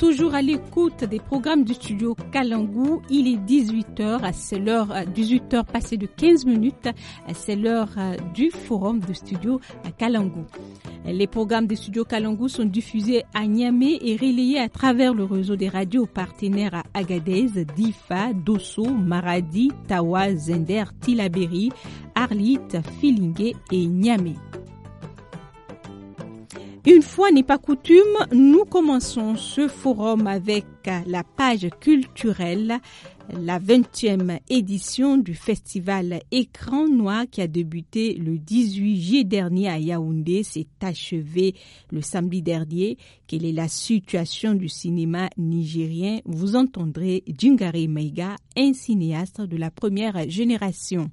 toujours à l'écoute des programmes du studio Kalangou. Il est 18h, c'est l'heure 18h passée de 15 minutes, c'est l'heure euh, du forum du studio euh, Kalangou. Les programmes du studio Kalangou sont diffusés à Niamey et relayés à travers le réseau des radios partenaires à Agadez, Difa, Dosso, Maradi, Tawa, Zender, Tilaberi, Arlit, Filingué et Niamey. Une fois n'est pas coutume, nous commençons ce forum avec la page culturelle, la 20e édition du festival Écran Noir qui a débuté le 18 juillet dernier à Yaoundé s'est achevée le samedi dernier. Quelle est la situation du cinéma nigérien Vous entendrez Djungare Meiga, un cinéaste de la première génération.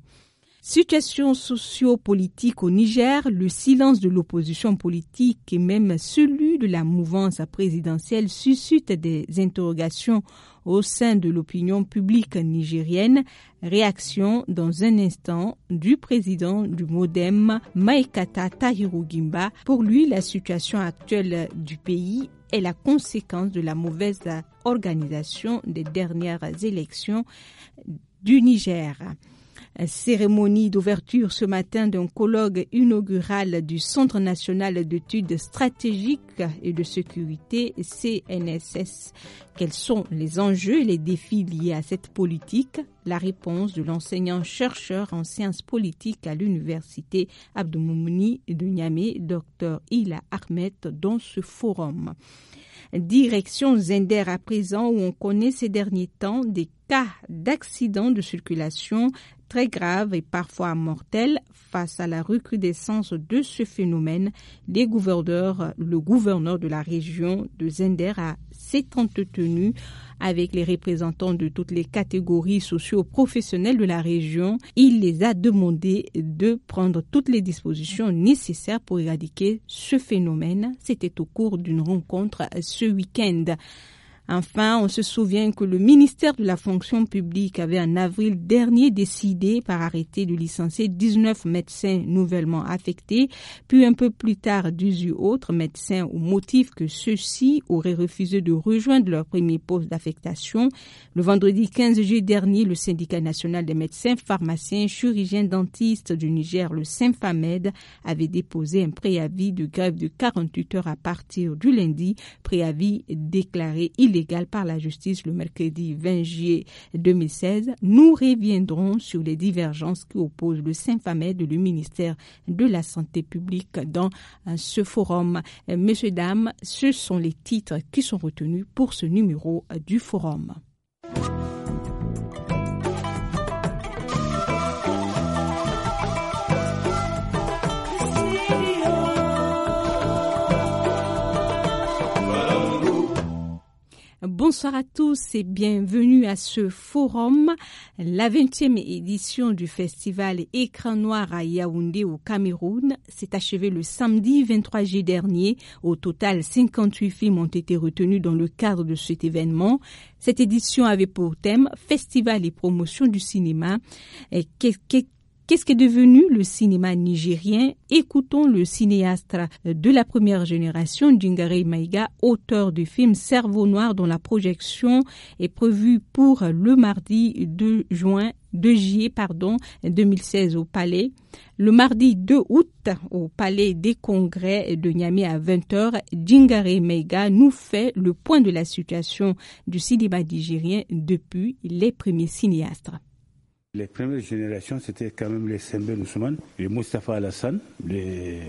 Situation sociopolitique au Niger, le silence de l'opposition politique et même celui de la mouvance présidentielle suscite des interrogations au sein de l'opinion publique nigérienne. Réaction dans un instant du président du Modem, Maekata Tahiru Gimba. Pour lui, la situation actuelle du pays est la conséquence de la mauvaise organisation des dernières élections du Niger. Cérémonie d'ouverture ce matin d'un colloque inaugural du Centre national d'études stratégiques et de sécurité CNSS. Quels sont les enjeux et les défis liés à cette politique La réponse de l'enseignant-chercheur en sciences politiques à l'université Abdoumouni de Niamey, Dr Ila Ahmed, dans ce forum. Direction Zender à présent où on connaît ces derniers temps des cas d'accidents de circulation très graves et parfois mortels face à la recrudescence de ce phénomène, les gouverneurs, le gouverneur de la région de Zender a s'est entretenu avec les représentants de toutes les catégories socio-professionnelles de la région. Il les a demandé de prendre toutes les dispositions nécessaires pour éradiquer ce phénomène. C'était au cours d'une rencontre ce week-end. Enfin, on se souvient que le ministère de la fonction publique avait en avril dernier décidé par arrêté de licencier 19 médecins nouvellement affectés, puis un peu plus tard 18 autres médecins au motif que ceux-ci auraient refusé de rejoindre leur premier poste d'affectation. Le vendredi 15 juillet dernier, le syndicat national des médecins, pharmaciens, chirurgiens dentistes du Niger, le SYMPHAMED, avait déposé un préavis de grève de 48 heures à partir du lundi, préavis déclaré illégal par la justice le mercredi 20 juillet 2016, nous reviendrons sur les divergences qui opposent le Saint-Famed et le ministère de la Santé publique dans euh, ce forum. Euh, messieurs, dames, ce sont les titres qui sont retenus pour ce numéro euh, du forum. Bonsoir à tous et bienvenue à ce forum, la 20e édition du festival Écran Noir à Yaoundé au Cameroun s'est achevée le samedi 23 juillet dernier. Au total, 58 films ont été retenus dans le cadre de cet événement. Cette édition avait pour thème Festival et promotion du cinéma. Qu'est-ce qui est devenu le cinéma nigérien Écoutons le cinéaste de la première génération, Djingare Maiga, auteur du film Cerveau noir dont la projection est prévue pour le mardi 2 juin juillet 2016 au Palais, le mardi 2 août au Palais des Congrès de Niamey à 20h, Djingare Meiga nous fait le point de la situation du cinéma nigérien depuis les premiers cinéastres. Les premières générations, c'était quand même les Sembe Ousmane, les Mustafa Alassane, les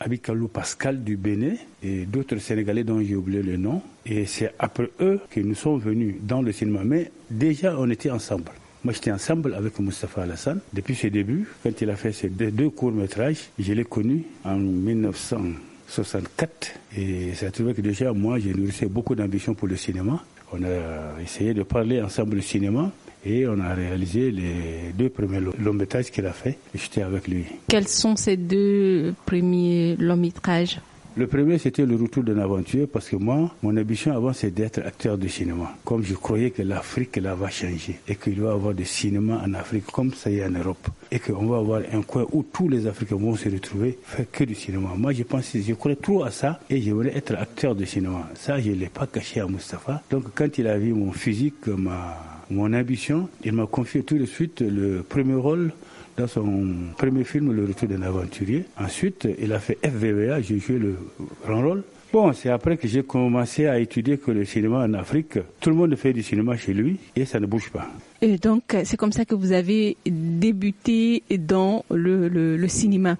Abikalou Pascal du Bénin et d'autres Sénégalais dont j'ai oublié le nom. Et c'est après eux qu'ils nous sont venus dans le cinéma. Mais déjà, on était ensemble. Moi, j'étais ensemble avec Mustafa Alassane. Depuis ses débuts, quand il a fait ses deux courts-métrages, je l'ai connu en 1964. Et ça trouvé que déjà, moi, j'ai nourrissé beaucoup d'ambition pour le cinéma. On a essayé de parler ensemble du cinéma et on a réalisé les deux premiers longs métrages qu'il a fait. J'étais avec lui. Quels sont ces deux premiers longs métrages le premier, c'était le retour d'un aventure parce que moi, mon ambition avant, c'est d'être acteur de cinéma. Comme je croyais que l'Afrique, là, va changer et qu'il va y avoir du cinéma en Afrique comme ça y est en Europe et qu'on va avoir un coin où tous les Africains vont se retrouver, faire que du cinéma. Moi, je pensais, je croyais trop à ça et je voulais être acteur de cinéma. Ça, je ne l'ai pas caché à Mustapha. Donc, quand il a vu mon physique, ma, mon ambition, il m'a confié tout de suite le premier rôle dans son premier film, Le Retour d'un aventurier. Ensuite, il a fait FVVA, j'ai joué le grand rôle. Bon, c'est après que j'ai commencé à étudier que le cinéma en Afrique, tout le monde fait du cinéma chez lui et ça ne bouge pas. Et donc, c'est comme ça que vous avez débuté dans le, le, cinéma.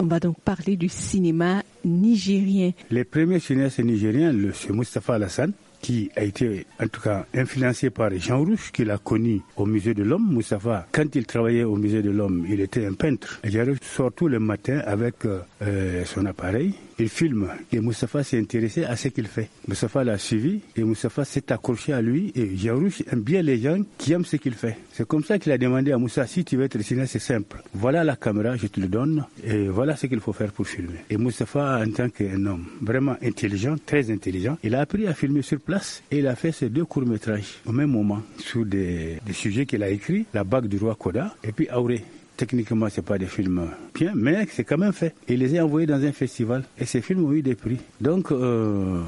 On va donc parler du cinéma nigérien. Les premiers cinéastes nigériens, c'est Mustafa Alassane, qui a été en tout cas influencé par Jean Rouge, qu'il a connu au musée de l'homme, Moustapha. Quand il travaillait au musée de l'homme, il était un peintre. Jean Rouge sort tout le matin avec euh, euh, son appareil, il filme et Moustapha s'est intéressé à ce qu'il fait. Moustapha l'a suivi et Moustapha s'est accroché à lui et Jean Rouge aime bien les gens qui aiment ce qu'il fait. C'est comme ça qu'il a demandé à Moussa, si tu veux être cinéaste, c'est simple. Voilà la caméra, je te le donne et voilà ce qu'il faut faire pour filmer. Et Moustapha, en tant qu'un homme vraiment intelligent, très intelligent, il a appris à filmer sur place et il a fait ses deux courts-métrages au même moment sur des, des sujets qu'il a écrits, La bague du roi Koda et puis Auré. Techniquement, c'est pas des films bien, mais c'est quand même fait. Il les a envoyés dans un festival et ces films ont eu des prix. Donc, euh,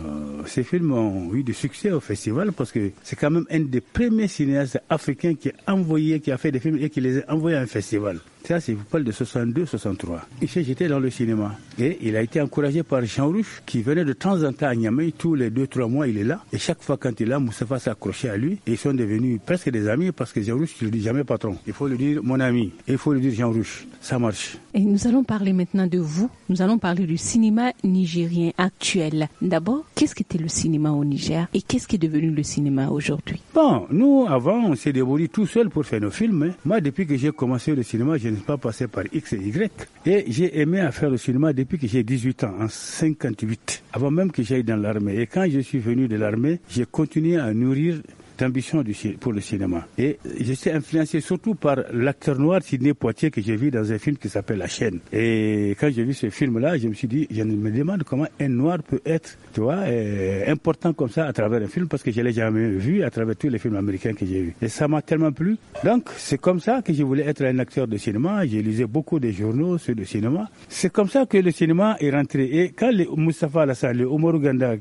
ces films ont eu du succès au festival parce que c'est quand même un des premiers cinéastes africains qui a envoyé, qui a fait des films et qui les a envoyés à un festival. Ça, c'est vous parle de 62-63. Il s'est jeté dans le cinéma. Et il a été encouragé par Jean Rouge, qui venait de temps en temps à Niamey. Tous les 2-3 mois, il est là. Et chaque fois quand il est là, va s'accrocher à lui. Et ils sont devenus presque des amis parce que Jean Rouge, ne le dis jamais patron. Il faut le dire mon ami. Il faut le dire Jean-Rouge, Ça marche. Et nous allons parler maintenant de vous. Nous allons parler du cinéma nigérien actuel. D'abord, qu'est-ce qu'était le cinéma au Niger et qu'est-ce qui est devenu le cinéma aujourd'hui Bon, nous, avant, on s'est débrouillé tout seul pour faire nos films. Hein. Moi, depuis que j'ai commencé le cinéma, je n'ai pas passé par X et Y. Et j'ai aimé faire le cinéma depuis que j'ai 18 ans, en 58, avant même que j'aille dans l'armée. Et quand je suis venu de l'armée, j'ai continué à nourrir d'ambition pour le cinéma. Et suis influencé surtout par l'acteur noir Sidney Poitier que j'ai vu dans un film qui s'appelle La chaîne. Et quand j'ai vu ce film-là, je me suis dit, je me demande comment un noir peut être, tu vois, euh, important comme ça à travers un film parce que je l'ai jamais vu à travers tous les films américains que j'ai vus. Et ça m'a tellement plu. Donc c'est comme ça que je voulais être un acteur de cinéma. J'ai lisé beaucoup de journaux sur le cinéma. C'est comme ça que le cinéma est rentré. Et quand les Mustafa Alassane, les Omar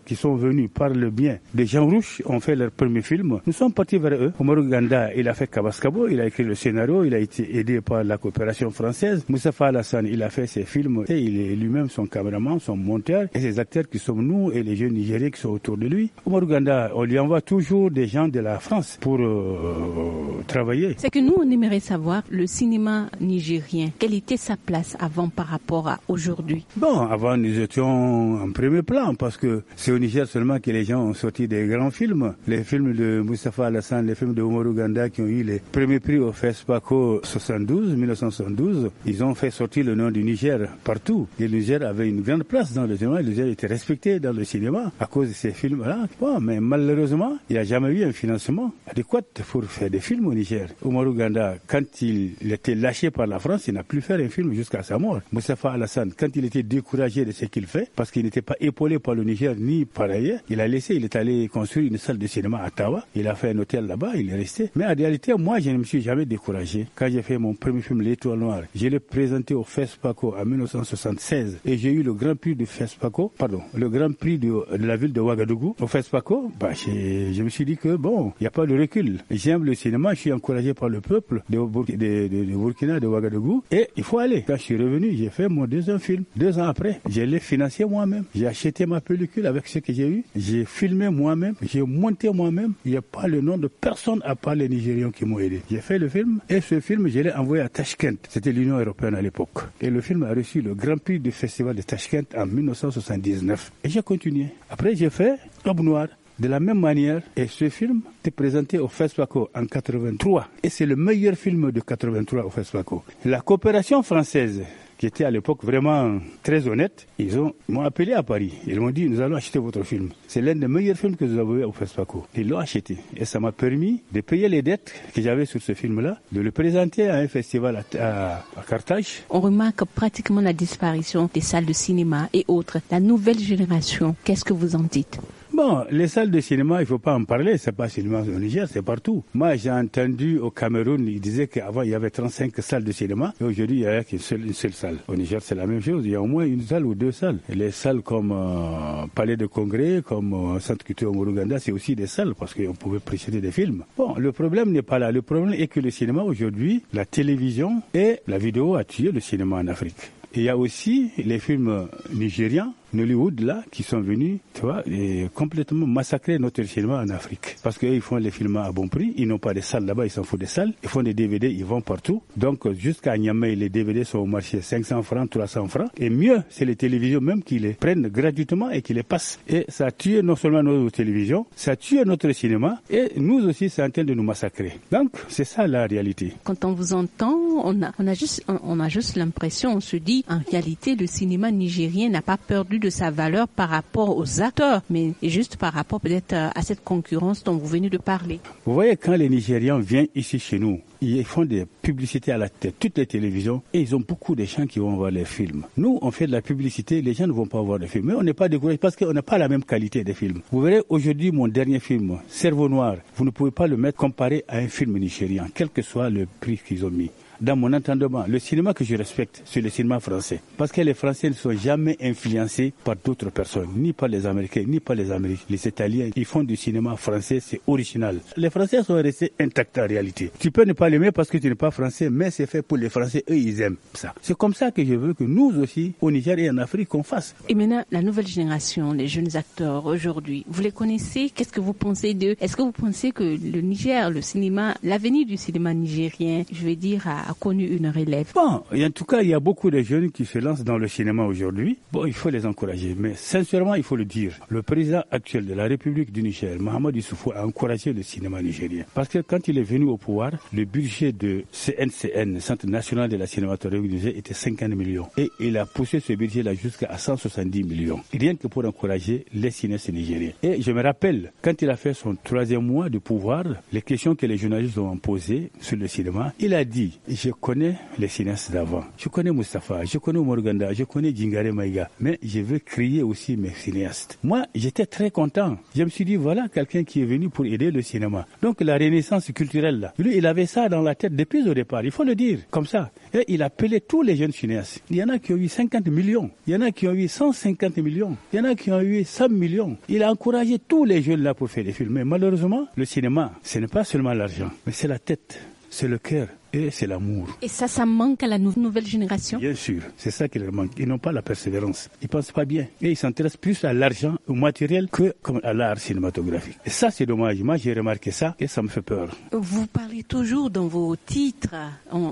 qui sont venus par le bien des gens rouges ont fait leur premier film, nous sommes partis vers eux. Omar Ganda, il a fait Kabaskabo, il a écrit le scénario, il a été aidé par la coopération française. Moussa Alassane, il a fait ses films et il est lui-même son caméraman, son monteur et ses acteurs qui sommes nous et les jeunes Nigériens qui sont autour de lui. Omar Ganda, on lui envoie toujours des gens de la France pour euh, travailler. C'est que nous, on aimerait savoir le cinéma nigérien, quelle était sa place avant par rapport à aujourd'hui Bon, avant nous étions en premier plan parce que c'est au Niger seulement que les gens ont sorti des grands films. Les films de Mustafa Alassane, les films de Omar Ganda qui ont eu les premiers prix au FESPACO 72, 1972. Ils ont fait sortir le nom du Niger partout. Et le Niger avait une grande place dans le cinéma. Le Niger était respecté dans le cinéma à cause de ces films-là. mais malheureusement, il n'y a jamais eu un financement adéquat pour faire des films au Niger. Omar Ganda, quand il était lâché par la France, il n'a plus fait un film jusqu'à sa mort. Mustafa Alassane, quand il était découragé de ce qu'il fait, parce qu'il n'était pas épaulé par le Niger ni par ailleurs, il a laissé, il est allé construire une salle de cinéma à Tawa il a fait un hôtel là-bas, il est resté. Mais en réalité, moi, je ne me suis jamais découragé. Quand j'ai fait mon premier film, L'Étoile Noire, je l'ai présenté au FESPACO en 1976 et j'ai eu le grand prix du FESPACO, pardon, le grand prix de, la ville de Ouagadougou. Au FESPACO, bah, je me suis dit que bon, il n'y a pas de recul. J'aime le cinéma, je suis encouragé par le peuple de, de Burkina, de Ouagadougou et il faut aller. Quand je suis revenu, j'ai fait mon deuxième film. Deux ans après, je l'ai financé moi-même. J'ai acheté ma pellicule avec ce que j'ai eu. J'ai filmé moi-même. J'ai monté moi-même. Il y a le nom de personne à part les Nigérians qui m'ont aidé. J'ai fait le film et ce film, je l'ai envoyé à Tashkent. C'était l'Union européenne à l'époque. Et le film a reçu le Grand Prix du Festival de Tashkent en 1979. Et j'ai continué. Après, j'ai fait L'Aube Noire. De la même manière, et ce film était présenté au FESPACO en 83. Et c'est le meilleur film de 83 au FESPACO. La coopération française qui était à l'époque vraiment très honnête, ils m'ont appelé à Paris. Ils m'ont dit, nous allons acheter votre film. C'est l'un des meilleurs films que vous avez eu au FESPACO. Ils l'ont acheté. Et ça m'a permis de payer les dettes que j'avais sur ce film-là, de le présenter à un festival à, Carthage. On remarque pratiquement la disparition des salles de cinéma et autres. La nouvelle génération, qu'est-ce que vous en dites Bon, les salles de cinéma, il faut pas en parler, c'est pas cinéma au Niger, c'est partout. Moi, j'ai entendu au Cameroun, ils disaient qu'avant, il y avait 35 salles de cinéma, et aujourd'hui, il n'y a qu'une seule, une seule salle. Au Niger, c'est la même chose, il y a au moins une salle ou deux salles. Les salles comme euh, Palais de Congrès, comme euh, Centre au Mourouganda, c'est aussi des salles, parce qu'on pouvait précéder des films. Bon, le problème n'est pas là. Le problème est que le cinéma aujourd'hui, la télévision et la vidéo a tué le cinéma en Afrique. il y a aussi les films nigériens Hollywood, là qui sont venus, tu vois, et complètement massacrer notre cinéma en Afrique. Parce qu'ils font les films à bon prix, ils n'ont pas de salles là-bas, ils s'en foutent des salles, ils font des DVD, ils vont partout. Donc jusqu'à Niamey, les DVD sont au marché 500 francs, 300 francs. Et mieux, c'est les télévisions même qui les prennent gratuitement et qui les passent. Et ça tue non seulement nos télévisions, ça tue notre cinéma et nous aussi, c'est en train de nous massacrer. Donc c'est ça la réalité. Quand on vous entend, on a, on a juste, on a juste l'impression, on se dit, en réalité, le cinéma nigérien n'a pas perdu de de sa valeur par rapport aux acteurs, mais juste par rapport peut-être euh, à cette concurrence dont vous venez de parler. Vous voyez, quand les Nigérians viennent ici chez nous, ils font des publicités à la tête, toutes les télévisions, et ils ont beaucoup de gens qui vont voir les films. Nous, on fait de la publicité, les gens ne vont pas voir les films, mais on n'est pas découragé parce qu'on n'a pas la même qualité des films. Vous verrez, aujourd'hui, mon dernier film, Cerveau Noir, vous ne pouvez pas le mettre comparé à un film nigérien, quel que soit le prix qu'ils ont mis dans mon entendement, le cinéma que je respecte, c'est le cinéma français. Parce que les Français ne sont jamais influencés par d'autres personnes, ni par les Américains, ni par les Américains. Les Italiens, ils font du cinéma français, c'est original. Les Français sont restés intacts en réalité. Tu peux ne pas l'aimer parce que tu n'es pas français, mais c'est fait pour les Français, eux, ils aiment ça. C'est comme ça que je veux que nous aussi, au Niger et en Afrique, qu'on fasse. Et maintenant, la nouvelle génération, les jeunes acteurs aujourd'hui, vous les connaissez Qu'est-ce que vous pensez d'eux Est-ce que vous pensez que le Niger, le cinéma, l'avenir du cinéma nigérien, je vais dire, à a connu une relève Bon, en tout cas, il y a beaucoup de jeunes qui se lancent dans le cinéma aujourd'hui. Bon, il faut les encourager, mais sincèrement, il faut le dire. Le président actuel de la République du Niger, Mohamed Issoufou, a encouragé le cinéma nigérien. Parce que quand il est venu au pouvoir, le budget de CNCN, Centre National de la Cinématographie du Niger, était 50 millions. Et il a poussé ce budget-là jusqu'à 170 millions. Rien que pour encourager les cinéastes nigériens. Et je me rappelle, quand il a fait son troisième mois de pouvoir, les questions que les journalistes ont posées sur le cinéma, il a dit, je connais les cinéastes d'avant. Je connais Mustafa, je connais Morganda, je connais Djingare Maïga. Mais je veux créer aussi mes cinéastes. Moi, j'étais très content. Je me suis dit, voilà quelqu'un qui est venu pour aider le cinéma. Donc la renaissance culturelle, là, lui, il avait ça dans la tête depuis au départ, il faut le dire, comme ça. Et il appelait tous les jeunes cinéastes. Il y en a qui ont eu 50 millions, il y en a qui ont eu 150 millions, il y en a qui ont eu 100 millions. Il a encouragé tous les jeunes là pour faire des films. Mais malheureusement, le cinéma, ce n'est pas seulement l'argent, mais c'est la tête, c'est le cœur, et c'est l'amour. Et ça, ça manque à la nouvelle génération Bien sûr, c'est ça qui leur manque. Ils n'ont pas la persévérance. Ils pensent pas bien. Et ils s'intéressent plus à l'argent, au matériel, que comme à l'art cinématographique. Et ça, c'est dommage. Moi, j'ai remarqué ça et ça me fait peur. Vous parlez toujours dans vos titres, on,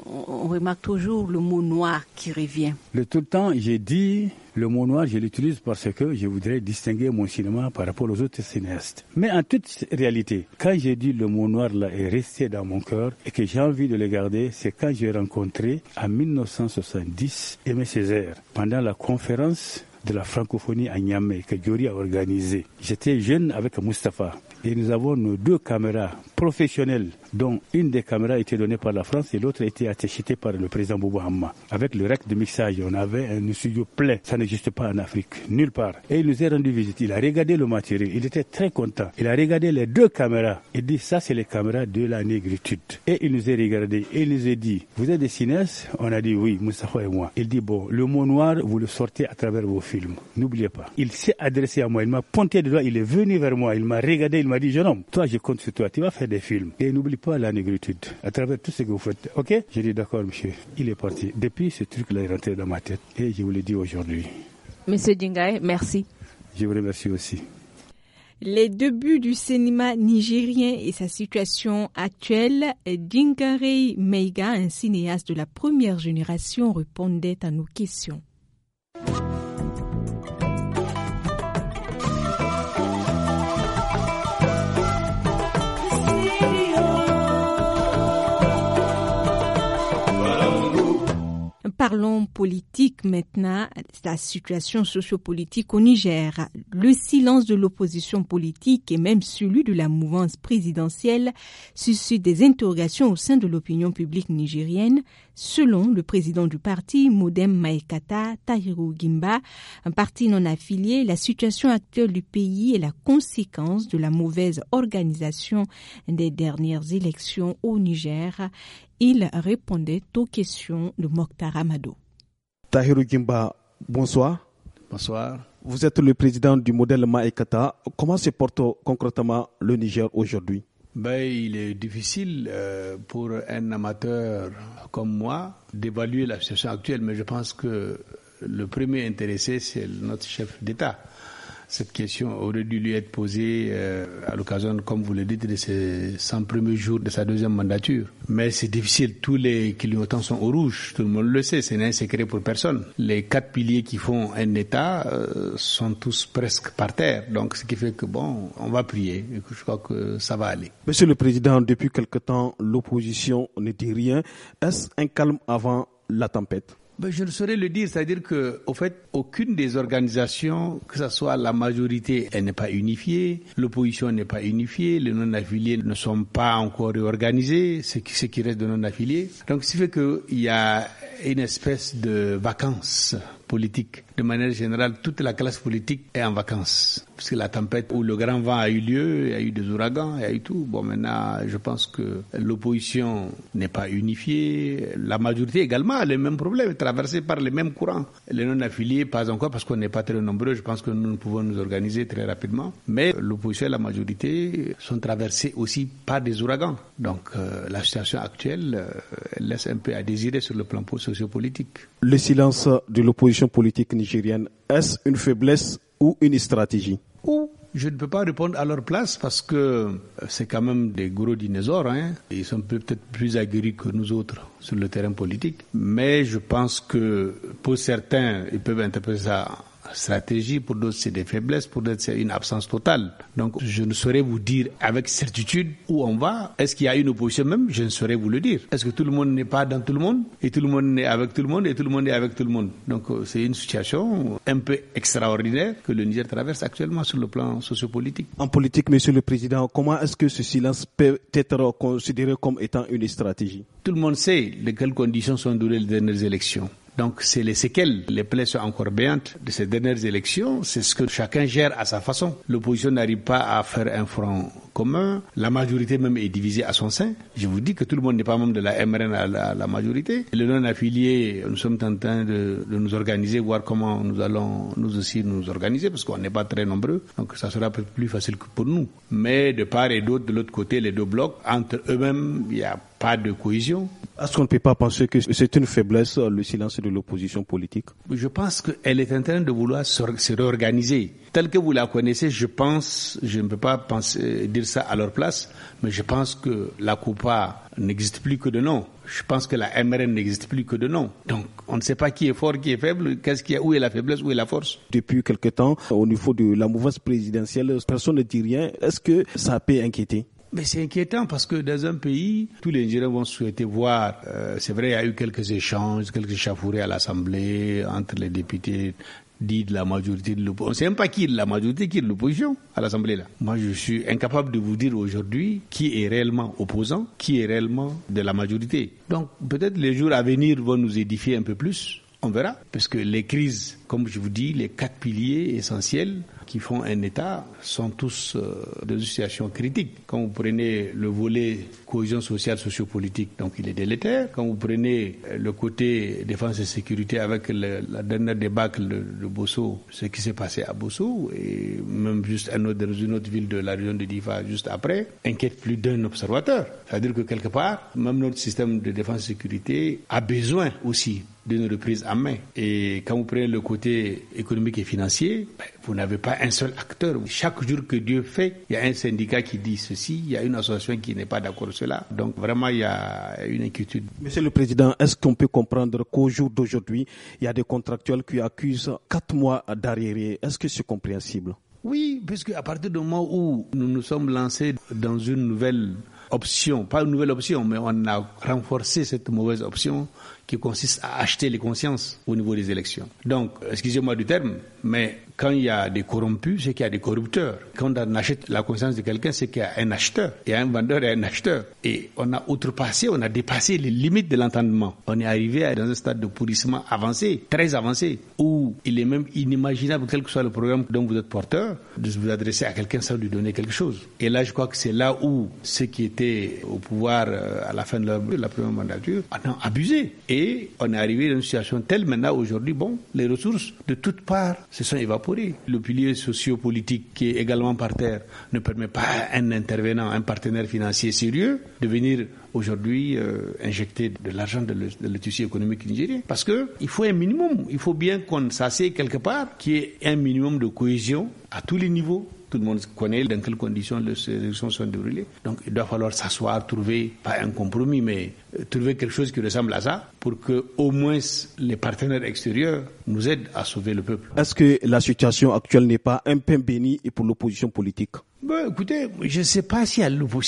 remarque toujours le mot noir qui revient. Le tout le temps, j'ai dit le mot noir, je l'utilise parce que je voudrais distinguer mon cinéma par rapport aux autres cinéastes. Mais en toute réalité, quand j'ai dit le mot noir là est resté dans mon cœur et que j'ai envie de le garder, c'est quand j'ai rencontré en 1970 Aimé Césaire pendant la conférence de la francophonie à Niamey que Diori a organisée. J'étais jeune avec Mustapha et nous avons nos deux caméras professionnelles, dont une des caméras était donnée par la France et l'autre était achetée par le président Boubou Hamma. Avec le rec de mixage, on avait un studio plein. Ça n'existe pas en Afrique, nulle part. Et il nous est rendu visite. Il a regardé le matériel. Il était très content. Il a regardé les deux caméras. Il dit, ça, c'est les caméras de la négritude. Et il nous a regardé. Et il nous a dit, vous êtes des cinéastes? On a dit oui, Moustapha et moi. Il dit, bon, le mot noir, vous le sortez à travers vos films. N'oubliez pas. Il s'est adressé à moi. Il m'a pointé de doigt. Il est venu vers moi. Il m'a regardé m'a dit, jeune homme, toi, je compte sur toi, tu vas faire des films. Et n'oublie pas la négritude à travers tout ce que vous faites. OK J'ai dit, d'accord, monsieur. Il est parti. Depuis, ce truc-là est rentré dans ma tête. Et je vous le dis aujourd'hui. Monsieur Dingay, merci. Je vous remercie aussi. Les débuts du cinéma nigérien et sa situation actuelle, Dingarei Meiga, un cinéaste de la première génération, répondait à nos questions. parlons politique maintenant, la situation sociopolitique au Niger. Le silence de l'opposition politique et même celui de la mouvance présidentielle suscite des interrogations au sein de l'opinion publique nigérienne selon le président du parti, Modem Maekata Tahiru Gimba. Un parti non affilié, la situation actuelle du pays est la conséquence de la mauvaise organisation des dernières élections au Niger. Il répondait aux questions de Mokhtar Amadou. Tahiru Gimba, bonsoir. Bonsoir. Vous êtes le président du modèle Maekata. Comment se porte concrètement le Niger aujourd'hui ben, il est difficile euh, pour un amateur comme moi d'évaluer la situation actuelle, mais je pense que le premier intéressé, c'est notre chef d'État cette question aurait dû lui être posée euh, à l'occasion, comme vous le dites, de ses 100 premiers jours de sa deuxième mandature. Mais c'est difficile. Tous les clignotants sont au rouge. Tout le monde le sait. C'est un secret pour personne. Les quatre piliers qui font un État euh, sont tous presque par terre. Donc, ce qui fait que bon, on va prier. Je crois que ça va aller. Monsieur le Président, depuis quelque temps, l'opposition ne dit rien. Est-ce un calme avant la tempête ben, je ne saurais le dire, c'est-à-dire que, au fait, aucune des organisations, que ce soit la majorité, elle n'est pas unifiée, l'opposition n'est pas unifiée, les non-affiliés ne sont pas encore réorganisés, ce qui, ce qui reste de non-affiliés. Donc, ce qui fait qu'il y a une espèce de vacances politique de manière générale, toute la classe politique est en vacances. Parce que la tempête ou le grand vent a eu lieu, il y a eu des ouragans, il y a eu tout. Bon, maintenant, je pense que l'opposition n'est pas unifiée. La majorité également a les mêmes problèmes, traversée par les mêmes courants. Les non-affiliés, pas encore, parce qu'on n'est pas très nombreux. Je pense que nous pouvons nous organiser très rapidement. Mais l'opposition et la majorité sont traversées aussi par des ouragans. Donc, euh, la situation actuelle euh, laisse un peu à désirer sur le plan sociopolitique. Le silence de l'opposition politique est-ce une faiblesse ou une stratégie ou je ne peux pas répondre à leur place parce que euh, c'est quand même des gros dinosaures. Hein. Ils sont peut-être plus aguerris que nous autres sur le terrain politique. Mais je pense que pour certains, ils peuvent interpréter ça stratégie, pour d'autres c'est des faiblesses, pour d'autres c'est une absence totale. Donc je ne saurais vous dire avec certitude où on va. Est-ce qu'il y a une opposition même Je ne saurais vous le dire. Est-ce que tout le monde n'est pas dans tout le monde Et tout le monde est avec tout le monde et tout le monde est avec tout le monde. Donc euh, c'est une situation un peu extraordinaire que le Niger traverse actuellement sur le plan sociopolitique. En politique, Monsieur le Président, comment est-ce que ce silence peut être considéré comme étant une stratégie Tout le monde sait de quelles conditions sont données les dernières élections. Donc c'est les séquelles, les plaies sont encore béantes de ces dernières élections, c'est ce que chacun gère à sa façon. L'opposition n'arrive pas à faire un front commun. La majorité même est divisée à son sein. Je vous dis que tout le monde n'est pas membre de la MRN à la, majorité. Les non-affiliés, nous sommes en train de, de, nous organiser, voir comment nous allons nous aussi nous organiser, parce qu'on n'est pas très nombreux. Donc ça sera plus facile que pour nous. Mais de part et d'autre, de l'autre côté, les deux blocs, entre eux-mêmes, il n'y a pas de cohésion. Est-ce qu'on ne peut pas penser que c'est une faiblesse, le silence de l'opposition politique Je pense qu'elle est en train de vouloir se réorganiser telle que vous la connaissez, je pense, je ne peux pas penser, dire ça à leur place, mais je pense que la Coupa n'existe plus que de nom. Je pense que la MRN n'existe plus que de nom. Donc, on ne sait pas qui est fort, qui est faible, qu'est-ce qu'il y a, où est la faiblesse, où est la force. Depuis quelque temps, au niveau de la mouvance présidentielle, personne ne dit rien. Est-ce que ça peut inquiéter mais c'est inquiétant parce que dans un pays, tous les ingénieurs vont souhaiter voir. Euh, c'est vrai, il y a eu quelques échanges, quelques échafourés à l'Assemblée entre les députés dit de la majorité de l'opposition. On ne sait même pas qui est de la majorité, qui est de l'opposition à l'Assemblée. là. Moi, je suis incapable de vous dire aujourd'hui qui est réellement opposant, qui est réellement de la majorité. Donc, peut-être les jours à venir vont nous édifier un peu plus. On verra. Parce que les crises comme je vous dis, les quatre piliers essentiels qui font un État sont tous euh, dans des situations critiques. Quand vous prenez le volet cohésion sociale sociopolitique, donc il est délétère. Quand vous prenez euh, le côté défense et sécurité avec la dernière débâcle de, Bosso, ce qui s'est passé à Bosso, et même juste dans une autre ville de la région de Difa juste après, inquiète plus d'un observateur. C'est-à-dire que quelque part, même notre système de défense et sécurité a besoin aussi d'une reprise à main. Et quand vous prenez le côté économique et financier, ben, vous n'avez pas un seul acteur. Chaque jour que Dieu fait, il y a un syndicat qui dit ceci, il y a une association qui n'est pas d'accord sur cela. Donc vraiment, il y a une inquiétude. Monsieur le Président, est-ce qu'on peut comprendre qu'au jour d'aujourd'hui, il y a des contractuels qui accusent quatre mois d'arriéré Est-ce que c'est compréhensible oui, puisque à partir du moment où nous nous sommes lancés dans une nouvelle option, pas une nouvelle option, mais on a renforcé cette mauvaise option, qui consiste à acheter les consciences au niveau des élections. Donc, excusez-moi du terme, mais quand il y a des corrompus, c'est qu'il y a des corrupteurs. Quand on achète la conscience de quelqu'un, c'est qu'il y a un acheteur. Il y a un vendeur et un acheteur. Et on a outrepassé, on a dépassé les limites de l'entendement. On est arrivé dans un stade de pourrissement avancé, très avancé, où il est même inimaginable, quel que soit le programme dont vous êtes porteur, de vous adresser à quelqu'un sans lui donner quelque chose. Et là, je crois que c'est là où ceux qui étaient au pouvoir euh, à la fin de la, la première mandature en ont abusé. Et on est arrivé dans une situation telle maintenant aujourd'hui, bon, les ressources de toutes parts se sont évaporés. Le pilier sociopolitique qui est également par terre ne permet pas à un intervenant, un partenaire financier sérieux de venir aujourd'hui euh, injecter de l'argent de, de, économique nigérien. Parce que il faut un minimum, il faut bien qu'on s'assied quelque part, qu'il y ait un minimum de cohésion à tous les niveaux. Tout le monde connaît dans quelles conditions les élections sont déroulées. Donc il doit falloir s'asseoir, trouver, pas un compromis, mais trouver quelque chose qui ressemble à ça pour que au moins les partenaires extérieurs nous aident à sauver le peuple. Est-ce que la situation actuelle n'est pas un pain béni pour l'opposition politique ben, écoutez, je ne sais pas s'il y,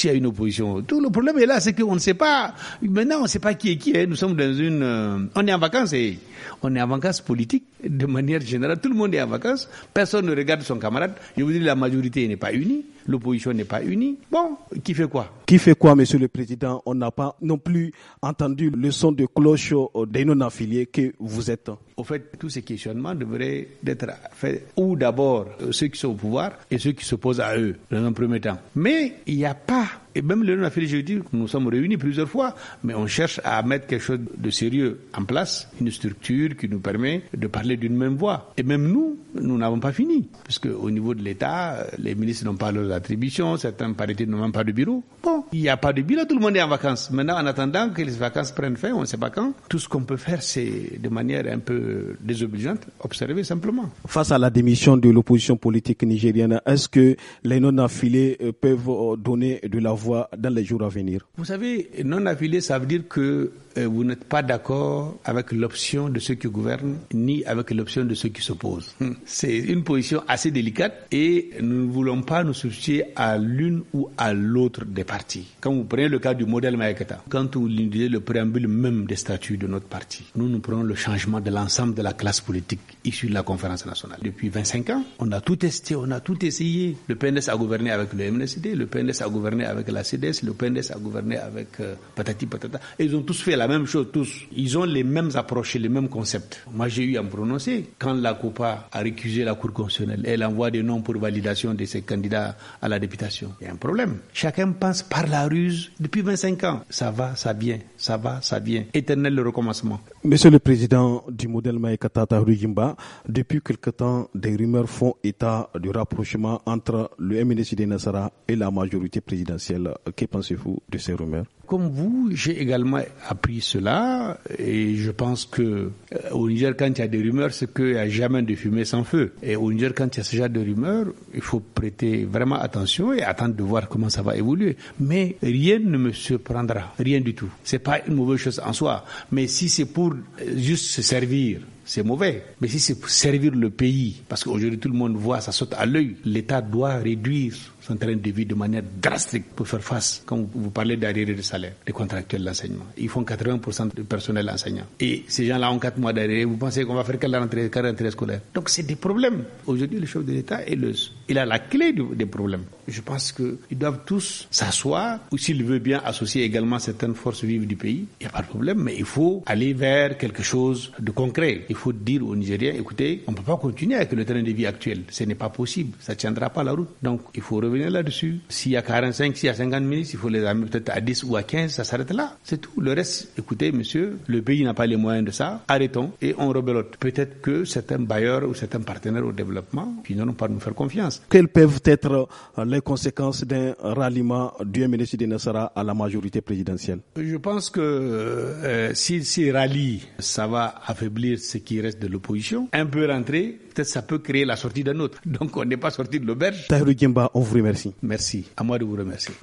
a une opposition. Tout le problème est là, c'est qu'on ne sait pas. Maintenant, on ne sait pas qui est qui. Hein. Nous sommes dans une. Euh, on est en vacances et eh. on est en vacances politiques de manière générale. Tout le monde est en vacances. Personne ne regarde son camarade. Je vous dis, la majorité n'est pas unie l'opposition n'est pas unie. Bon, qui fait quoi Qui fait quoi, Monsieur le Président On n'a pas non plus entendu le son de cloche euh, des non-affiliés que vous êtes. Au fait, tous ces questionnements devraient être faits ou d'abord euh, ceux qui sont au pouvoir et ceux qui s'opposent à eux, dans un premier temps. Mais il n'y a pas, et même les non affiliés je dis, nous sommes réunis plusieurs fois, mais on cherche à mettre quelque chose de sérieux en place, une structure qui nous permet de parler d'une même voix. Et même nous, nous n'avons pas fini. puisque au niveau de l'État, euh, les ministres n'ont pas leurs attributions, certains parités n'ont même pas de bureau. Bon, il n'y a pas de bureau, tout le monde est en vacances. Maintenant, en attendant que les vacances prennent fin, on ne sait pas quand, tout ce qu'on peut faire, c'est de manière un peu désobligeante, observer simplement. Face à la démission de l'opposition politique nigérienne, est-ce que les non affilés euh, peuvent euh, donner de la voix dans les jours à venir Vous savez, non affilés ça veut dire que vous n'êtes pas d'accord avec l'option de ceux qui gouvernent, ni avec l'option de ceux qui s'opposent. Hum c'est une position assez délicate et nous ne voulons pas nous soucier à l'une ou à l'autre des partis. Quand vous prenez le cas du modèle Mayakata, quand vous lisez le préambule même des statuts de notre parti, nous nous prenons le changement de l'ensemble de la classe politique issue de la conférence nationale. Depuis 25 ans, on a tout testé, on a tout essayé. Le PNS a gouverné avec le MNCD, le PNS a gouverné avec la CDS, le PNS a gouverné avec euh, patati patata. ils ont tous fait la même chose, tous. Ils ont les mêmes approches, les mêmes concepts. Moi, j'ai eu à me prononcer quand la COPA a récupéré la Cour constitutionnelle. Elle envoie des noms pour validation de ses candidats à la députation. Il y a un problème. Chacun pense par la ruse depuis 25 ans. Ça va, ça vient, ça va, ça vient. Éternel le recommencement. Monsieur le Président du modèle Maïkatata Rujimba, depuis quelque temps, des rumeurs font état du rapprochement entre le MNC des Nassara et la majorité présidentielle. Que pensez-vous de ces rumeurs Comme vous, j'ai également appris cela et je pense que euh, au Niger, quand il y a des rumeurs, c'est qu'il n'y a jamais de fumée sans feu. Et au Niger, quand il y a ce genre de rumeurs, il faut prêter vraiment attention et attendre de voir comment ça va évoluer. Mais rien ne me surprendra, rien du tout. C'est pas une mauvaise chose en soi. Mais si c'est pour euh, juste se servir c'est mauvais. Mais si c'est pour servir le pays, parce qu'aujourd'hui tout le monde voit, ça saute à l'œil, l'État doit réduire son train de vie de manière drastique pour faire face, quand vous parlez d'arriérés de salaire, des contractuels d'enseignement. Ils font 80% du personnel enseignant. Et ces gens-là ont 4 mois d'arriérés, vous pensez qu'on va faire quelle rentrée, quelle scolaire Donc c'est des problèmes. Aujourd'hui, le chef de l'État, il a la clé des problèmes. Je pense qu'ils doivent tous s'asseoir, ou s'il veut bien associer également certaines forces vives du pays, il n'y a pas de problème, mais il faut aller vers quelque chose de concret il faut dire aux Nigériens, écoutez, on ne peut pas continuer avec le train de vie actuel. Ce n'est pas possible. Ça ne tiendra pas la route. Donc, il faut revenir là-dessus. S'il y a 45, s'il y a 50 ministres, il faut les amener peut-être à 10 ou à 15. Ça s'arrête là. C'est tout. Le reste, écoutez, monsieur, le pays n'a pas les moyens de ça. Arrêtons et on rebelote. Peut-être que certains bailleurs ou certains partenaires au développement finiront par nous faire confiance. Quelles peuvent être euh, les conséquences d'un ralliement du ministre de Nassara à la majorité présidentielle Je pense que euh, s'il s'y rallie, ça va affaiblir ce qui reste de l'opposition, un peu rentré, peut-être ça peut créer la sortie d'un autre. Donc on n'est pas sorti de l'auberge. Taïrou Gimba, on vous remercie. Merci. À moi de vous remercier.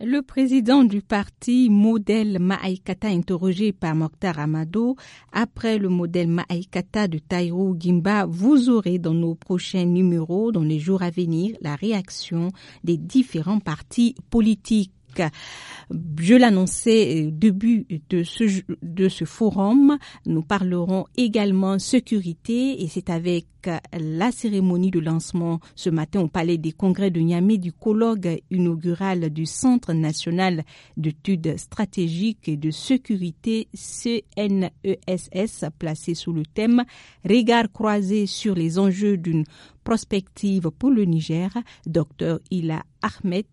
Le président du parti modèle Ma'aikata, interrogé par Mokhtar Amado, après le modèle Ma'aikata de Tairo Gimba, vous aurez dans nos prochains numéros, dans les jours à venir, la réaction des différents partis politiques. Je l'annonçais euh, début de ce, de ce forum. Nous parlerons également sécurité et c'est avec euh, la cérémonie de lancement ce matin au Palais des Congrès de Niamey du colloque inaugural du Centre national d'études stratégiques et de sécurité CNESS placé sous le thème Regard croisé sur les enjeux d'une prospective pour le Niger. Dr Ila Ahmed,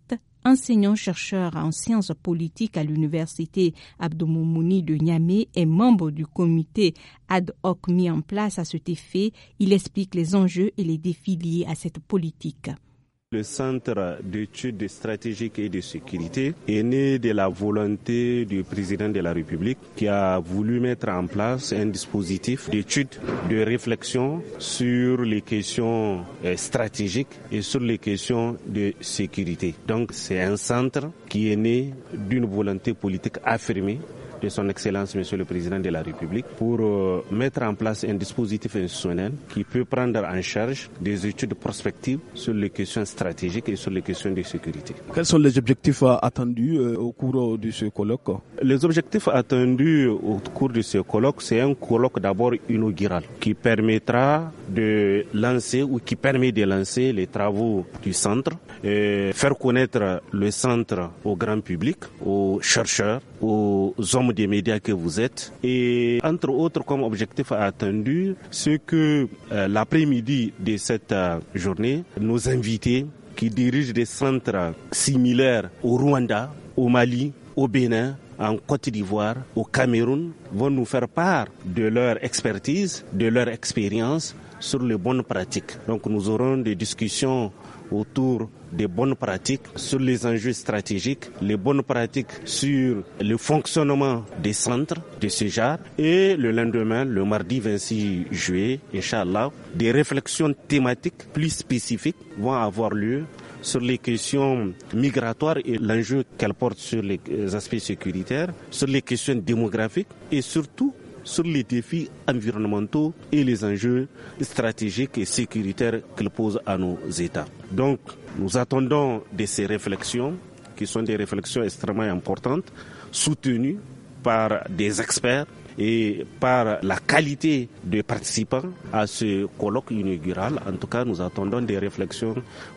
enseignant-chercheur en sciences politiques à l'université Abdomoumouni de Niamey et membre du comité ad hoc mis en place à cet effet, il explique les enjeux et les défis liés à cette politique. Le Centre d'études stratégiques et de sécurité est né de la volonté du président de la République qui a voulu mettre en place un dispositif d'études, de réflexion sur les questions euh, stratégiques et sur les questions de sécurité. Donc c'est un centre qui est né d'une volonté politique affirmée son Excellence, Monsieur le Président de la République, pour euh, mettre en place un dispositif institutionnel qui peut prendre en charge des études prospectives sur les questions stratégiques et sur les questions de sécurité. Quels sont les objectifs euh, attendus euh, au cours de ce colloque Les objectifs attendus au cours de ce colloque, c'est un colloque d'abord inaugural qui permettra de lancer ou qui permet de lancer les travaux du centre, et faire connaître le centre au grand public, aux chercheurs, aux hommes des médias que vous êtes. Et entre autres, comme objectif attendu, c'est que euh, l'après-midi de cette euh, journée, nos invités qui dirigent des centres similaires au Rwanda, au Mali, au Bénin, en Côte d'Ivoire, au Cameroun, vont nous faire part de leur expertise, de leur expérience sur les bonnes pratiques. Donc nous aurons des discussions autour des bonnes pratiques sur les enjeux stratégiques, les bonnes pratiques sur le fonctionnement des centres de ce genre et le lendemain, le mardi 26 juillet, Inch'Allah, des réflexions thématiques plus spécifiques vont avoir lieu sur les questions migratoires et l'enjeu qu'elles portent sur les aspects sécuritaires, sur les questions démographiques et surtout sur les défis environnementaux et les enjeux stratégiques et sécuritaires qu'ils pose à nos États. Donc, nous attendons de ces réflexions, qui sont des réflexions extrêmement importantes, soutenues par des experts et par la qualité des participants à ce colloque inaugural. En tout cas, nous attendons des réflexions,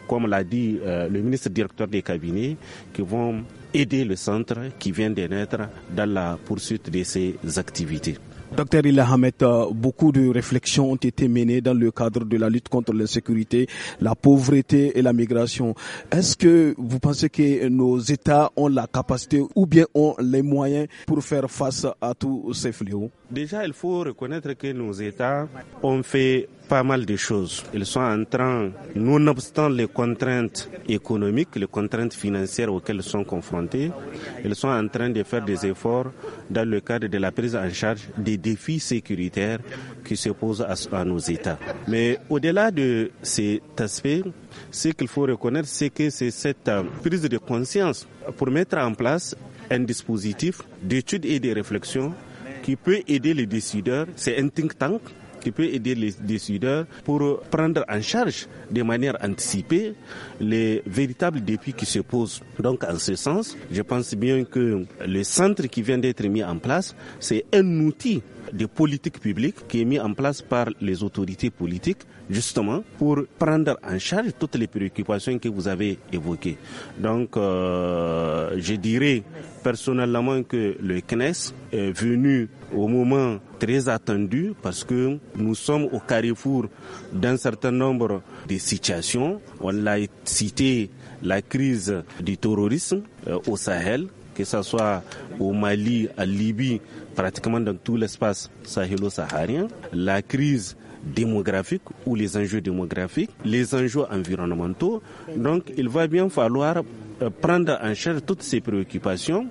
comme l'a dit euh, le ministre directeur des cabinets, qui vont aider le centre qui vient de naître dans la poursuite de ces activités. Docteur Ilahamet, euh, beaucoup de réflexions ont été menées dans le cadre de la lutte contre l'insécurité, la pauvreté et la migration. Est-ce que vous pensez que nos États ont la capacité ou bien ont les moyens pour faire face à tous ces fléaux Déjà, il faut reconnaître que nos États ont fait pas mal de choses. Ils sont en train, nonobstant les contraintes économiques, les contraintes financières auxquelles ils sont confrontés, ils sont en train de faire des efforts dans le cadre de la prise en charge des défis sécuritaires qui se posent à, nos États. Mais au-delà de cet aspect, ce qu'il faut reconnaître, c'est que c'est cette euh, prise de conscience pour mettre en place un dispositif d'études et de réflexions qui peut aider les décideurs. C'est un think tank qui peut aider les décideurs pour prendre en charge de manière anticipée les véritables défis qui se posent. Donc en ce sens, je pense bien que le centre qui vient d'être mis en place, c'est un outil de politique publique qui est mis en place par les autorités politiques justement pour prendre en charge toutes les préoccupations que vous avez évoquées. Donc, euh, je dirais personnellement que le CNES est venu au moment très attendu parce que nous sommes au carrefour d'un certain nombre de situations. On l'a cité, la crise du terrorisme euh, au Sahel, que ce soit au Mali, à Libye, pratiquement dans tout l'espace sahélo-saharien, la crise démographiques ou les enjeux démographiques, les enjeux environnementaux. Donc il va bien falloir euh, prendre en charge toutes ces préoccupations,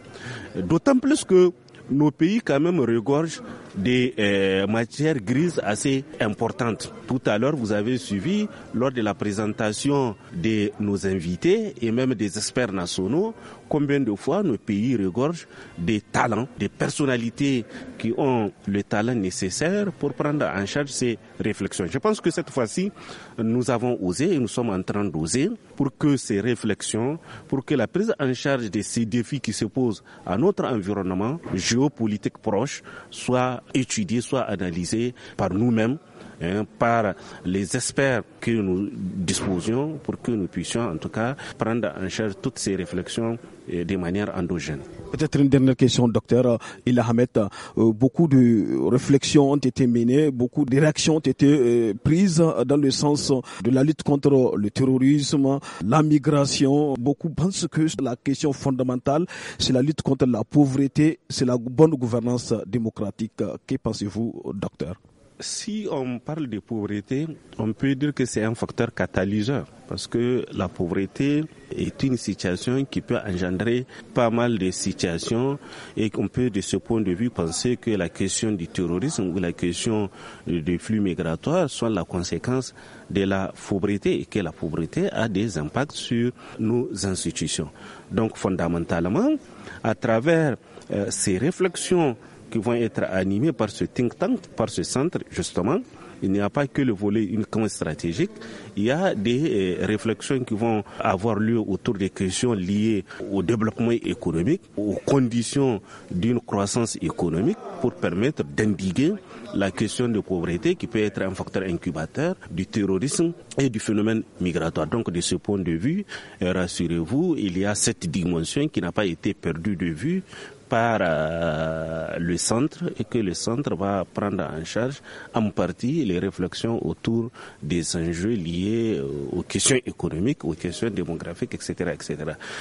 d'autant plus que nos pays quand même regorgent des euh, matières grises assez importantes. Tout à l'heure, vous avez suivi lors de la présentation de nos invités et même des experts nationaux combien de fois nos pays regorgent des talents, des personnalités qui ont le talent nécessaire pour prendre en charge ces réflexions. Je pense que cette fois-ci, nous avons osé et nous sommes en train d'oser pour que ces réflexions, pour que la prise en charge de ces défis qui se posent à notre environnement géopolitique proche soit étudiés, soit analysé par nous-mêmes Hein, par les experts que nous disposions pour que nous puissions en tout cas prendre en charge toutes ces réflexions euh, de manière endogène. Peut-être une dernière question, docteur Ilhamet. Euh, beaucoup de réflexions ont été menées, beaucoup de réactions ont été euh, prises dans le sens de la lutte contre le terrorisme, la migration. Beaucoup pensent que la question fondamentale, c'est la lutte contre la pauvreté, c'est la bonne gouvernance démocratique. Que pensez-vous, docteur si on parle de pauvreté, on peut dire que c'est un facteur catalyseur parce que la pauvreté est une situation qui peut engendrer pas mal de situations et qu'on peut de ce point de vue penser que la question du terrorisme ou la question des flux migratoires soit la conséquence de la pauvreté et que la pauvreté a des impacts sur nos institutions. Donc fondamentalement, à travers euh, ces réflexions qui vont être animés par ce think tank, par ce centre, justement. Il n'y a pas que le volet uniquement stratégique. Il y a des euh, réflexions qui vont avoir lieu autour des questions liées au développement économique, aux conditions d'une croissance économique pour permettre d'indiguer la question de pauvreté qui peut être un facteur incubateur du terrorisme et du phénomène migratoire. Donc de ce point de vue, euh, rassurez-vous, il y a cette dimension qui n'a pas été perdue de vue par euh, le centre et que le centre va prendre en charge en partie les réflexions autour des enjeux liés euh, aux questions économiques, aux questions démographiques, etc. etc.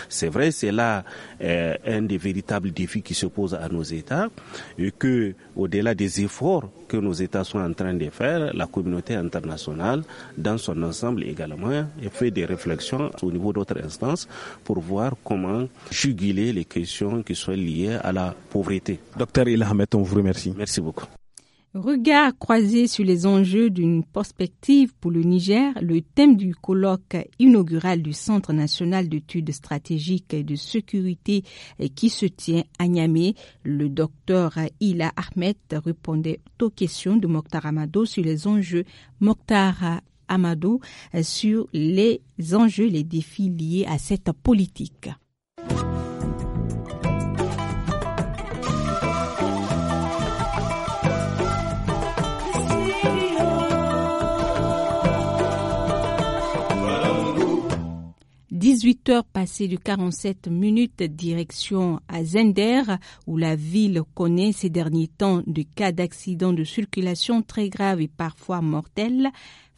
C'est vrai, c'est là euh, un des véritables défis qui se posent à nos États et que au-delà des efforts que nos États sont en train de faire, la communauté internationale, dans son ensemble également, et fait des réflexions au niveau d'autres instances pour voir comment juguler les questions qui sont liées à la pauvreté. Docteur Ilhamet, on vous remercie. Merci beaucoup. Regard croisé sur les enjeux d'une perspective pour le Niger, le thème du colloque inaugural du Centre national d'études stratégiques et de sécurité qui se tient à Niamey, le docteur Ila Ahmed répondait aux questions de Mokhtar Amado sur les enjeux. Mokhtar Amado sur les enjeux, les défis liés à cette politique. 18 heures passées de 47 minutes direction à Zender où la ville connaît ces derniers temps des cas d'accidents de circulation très graves et parfois mortels.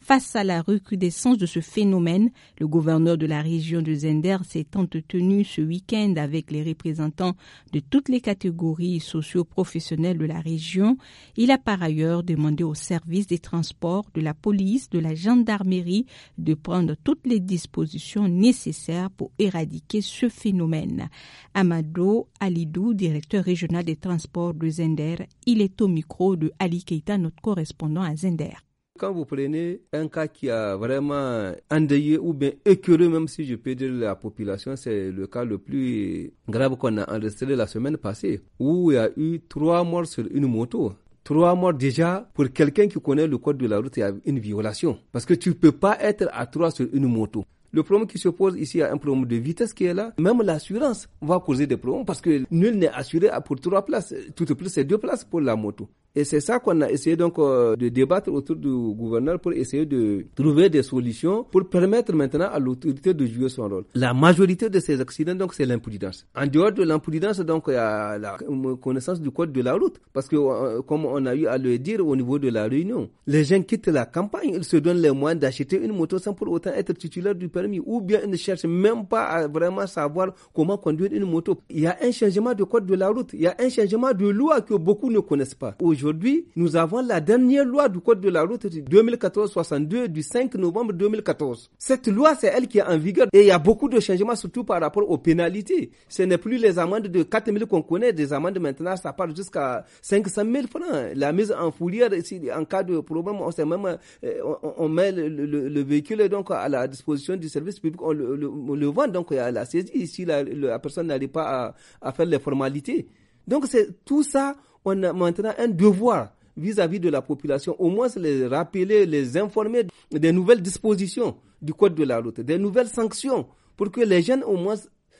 Face à la recrudescence de ce phénomène, le gouverneur de la région de Zender s'est entretenu ce week-end avec les représentants de toutes les catégories socioprofessionnelles professionnelles de la région. Il a par ailleurs demandé au service des transports, de la police, de la gendarmerie de prendre toutes les dispositions nécessaires pour éradiquer ce phénomène. Amado Alidou, directeur régional des transports de Zender, il est au micro de Ali Keita, notre correspondant à Zender. Quand vous prenez un cas qui a vraiment endeuillé ou bien écœuré, même si je peux dire la population, c'est le cas le plus grave qu'on a enregistré la semaine passée, où il y a eu trois morts sur une moto trois morts déjà, pour quelqu'un qui connaît le code de la route, il y a une violation. Parce que tu ne peux pas être à trois sur une moto. Le problème qui se pose ici, il y a un problème de vitesse qui est là. Même l'assurance va causer des problèmes parce que nul n'est assuré pour trois places. Tout de plus, c'est deux places pour la moto. Et c'est ça qu'on a essayé donc euh, de débattre autour du gouverneur pour essayer de trouver des solutions pour permettre maintenant à l'autorité de jouer son rôle. La majorité de ces accidents, donc, c'est l'imprudence. En dehors de l'imprudence, donc, il y a la connaissance du code de la route. Parce que, euh, comme on a eu à le dire au niveau de la réunion, les gens quittent la campagne, ils se donnent les moyens d'acheter une moto sans pour autant être titulaire du ou bien ils ne cherchent même pas à vraiment savoir comment conduire une moto. Il y a un changement de code de la route, il y a un changement de loi que beaucoup ne connaissent pas. Aujourd'hui, nous avons la dernière loi du code de la route 2014-62 du 5 novembre 2014. Cette loi, c'est elle qui est en vigueur et il y a beaucoup de changements surtout par rapport aux pénalités. Ce n'est plus les amendes de 4 000 qu'on connaît, des amendes maintenant, ça part jusqu'à 500 000 francs. La mise en fourrière, en cas de problème, on, euh, met le, véhicule donc à la disposition du service public, on le, le, vend donc à la saisie. Si la, personne n'allait pas à, faire les formalités. Donc c'est tout ça, on a maintenant un devoir vis-à-vis de la population, au moins les rappeler, les informer des nouvelles dispositions du code de la route, des nouvelles sanctions, pour que les jeunes au moins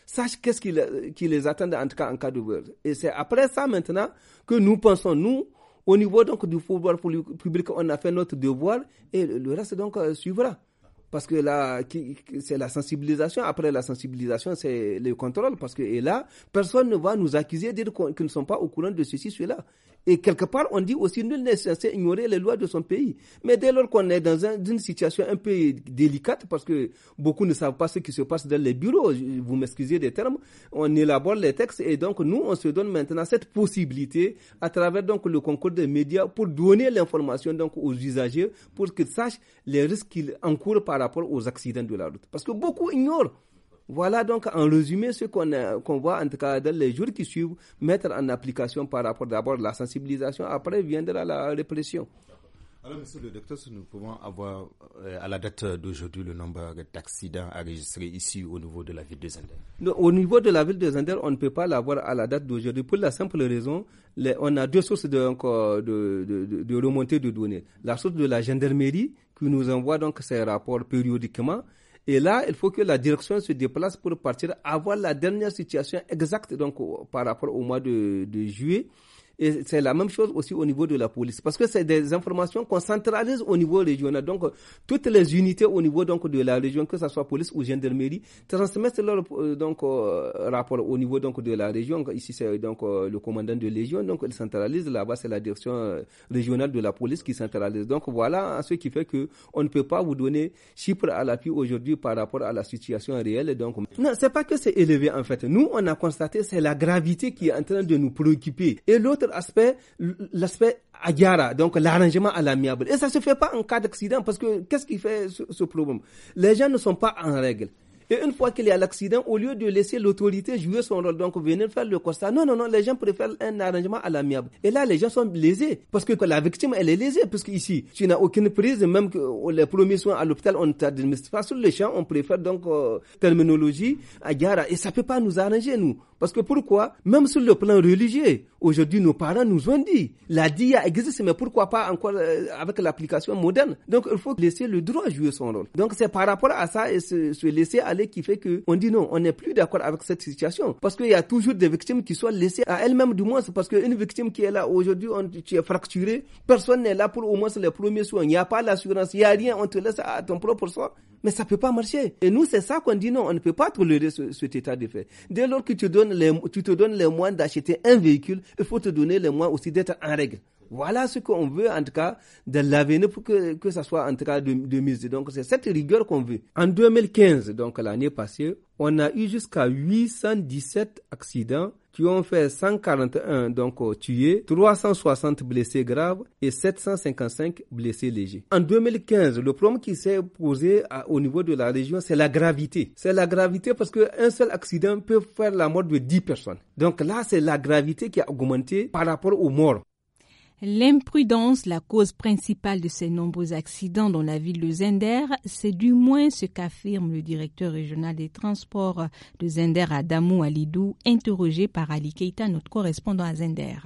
sachent qu'est-ce qui, qui, les attend en tout cas en cas de vol. Et c'est après ça maintenant que nous pensons, nous, au niveau donc du pouvoir public, on a fait notre devoir et le reste donc euh, suivra. Parce que là, c'est la sensibilisation. Après la sensibilisation, c'est le contrôle. Parce que et là, personne ne va nous accuser de dire qu'ils ne sont pas au courant de ceci, cela. Et quelque part, on dit aussi, nul n'est censé ignorer les lois de son pays. Mais dès lors qu'on est dans une situation un peu délicate, parce que beaucoup ne savent pas ce qui se passe dans les bureaux, vous m'excusez des termes, on élabore les textes et donc nous, on se donne maintenant cette possibilité à travers donc le concours des médias pour donner l'information donc aux usagers pour qu'ils sachent les risques qu'ils encourent par rapport aux accidents de la route. Parce que beaucoup ignorent voilà donc en résumé ce euh, qu'on voit en tout cas dans les jours qui suivent mettre en application par rapport d'abord à la sensibilisation, après viendra la répression. Alors, monsieur le docteur, si nous pouvons avoir euh, à la date d'aujourd'hui le nombre d'accidents enregistrés ici au niveau de la ville de Zender Au niveau de la ville de Zender, on ne peut pas l'avoir à la date d'aujourd'hui pour la simple raison on a deux sources de, de, de, de remontée de données. La source de la gendarmerie qui nous envoie donc ces rapports périodiquement et là, il faut que la direction se déplace pour partir, avoir la dernière situation exacte donc, par rapport au mois de, de juillet. Et c'est la même chose aussi au niveau de la police. Parce que c'est des informations qu'on centralise au niveau régional. Donc, toutes les unités au niveau donc, de la région, que ce soit police ou gendarmerie, transmettent leur euh, donc, euh, rapport au niveau donc, de la région. Ici, c'est donc euh, le commandant de légion. Donc, il centralise. Là-bas, c'est la direction régionale de la police qui centralise. Donc, voilà ce qui fait que on ne peut pas vous donner chiffres à l'appui aujourd'hui par rapport à la situation réelle. Donc, non, c'est pas que c'est élevé, en fait. Nous, on a constaté, c'est la gravité qui est en train de nous préoccuper. Et l'autre aspect, l'aspect Agara donc l'arrangement à l'amiable. Et ça se fait pas en cas d'accident parce que qu'est-ce qui fait ce, problème Les gens ne sont pas en règle. Et une fois qu'il y a l'accident, au lieu de laisser l'autorité jouer son rôle, donc venir faire le constat, non, non, non, les gens préfèrent un arrangement à l'amiable. Et là, les gens sont lésés, parce que la victime, elle est lésée, parce qu'ici, tu n'as aucune prise, même que oh, les premiers soins à l'hôpital, on ne t'administre pas sur le champ, on préfère donc euh, terminologie à Et ça ne peut pas nous arranger, nous. Parce que pourquoi Même sur le plan religieux, aujourd'hui nos parents nous ont dit, la DIA existe, mais pourquoi pas encore euh, avec l'application moderne Donc il faut laisser le droit jouer son rôle. Donc c'est par rapport à ça et se, se laisser aller qui fait que on dit non, on n'est plus d'accord avec cette situation. Parce qu'il y a toujours des victimes qui sont laissées à elles-mêmes du moins. Parce qu'une victime qui est là aujourd'hui, tu es fracturé, personne n'est là pour au moins les premiers soins. Il n'y a pas l'assurance, il n'y a rien, on te laisse à ton propre soin. Mais ça ne peut pas marcher. Et nous, c'est ça qu'on dit non, on ne peut pas tolérer cet état de fait. Dès lors que tu, tu te donnes les moyens d'acheter un véhicule, il faut te donner les moyens aussi d'être en règle. Voilà ce qu'on veut, en tout cas, de l'avenir pour que, que ça soit, en tout cas, de, de mise. Donc, c'est cette rigueur qu'on veut. En 2015, donc l'année passée, on a eu jusqu'à 817 accidents qui ont fait 141 donc euh, tués, 360 blessés graves et 755 blessés légers. En 2015, le problème qui s'est posé au niveau de la région, c'est la gravité. C'est la gravité parce qu'un seul accident peut faire la mort de 10 personnes. Donc là, c'est la gravité qui a augmenté par rapport aux morts. L'imprudence, la cause principale de ces nombreux accidents dans la ville de Zender, c'est du moins ce qu'affirme le directeur régional des transports de Zender, Adamou Alidou, interrogé par Ali Keita, notre correspondant à Zender.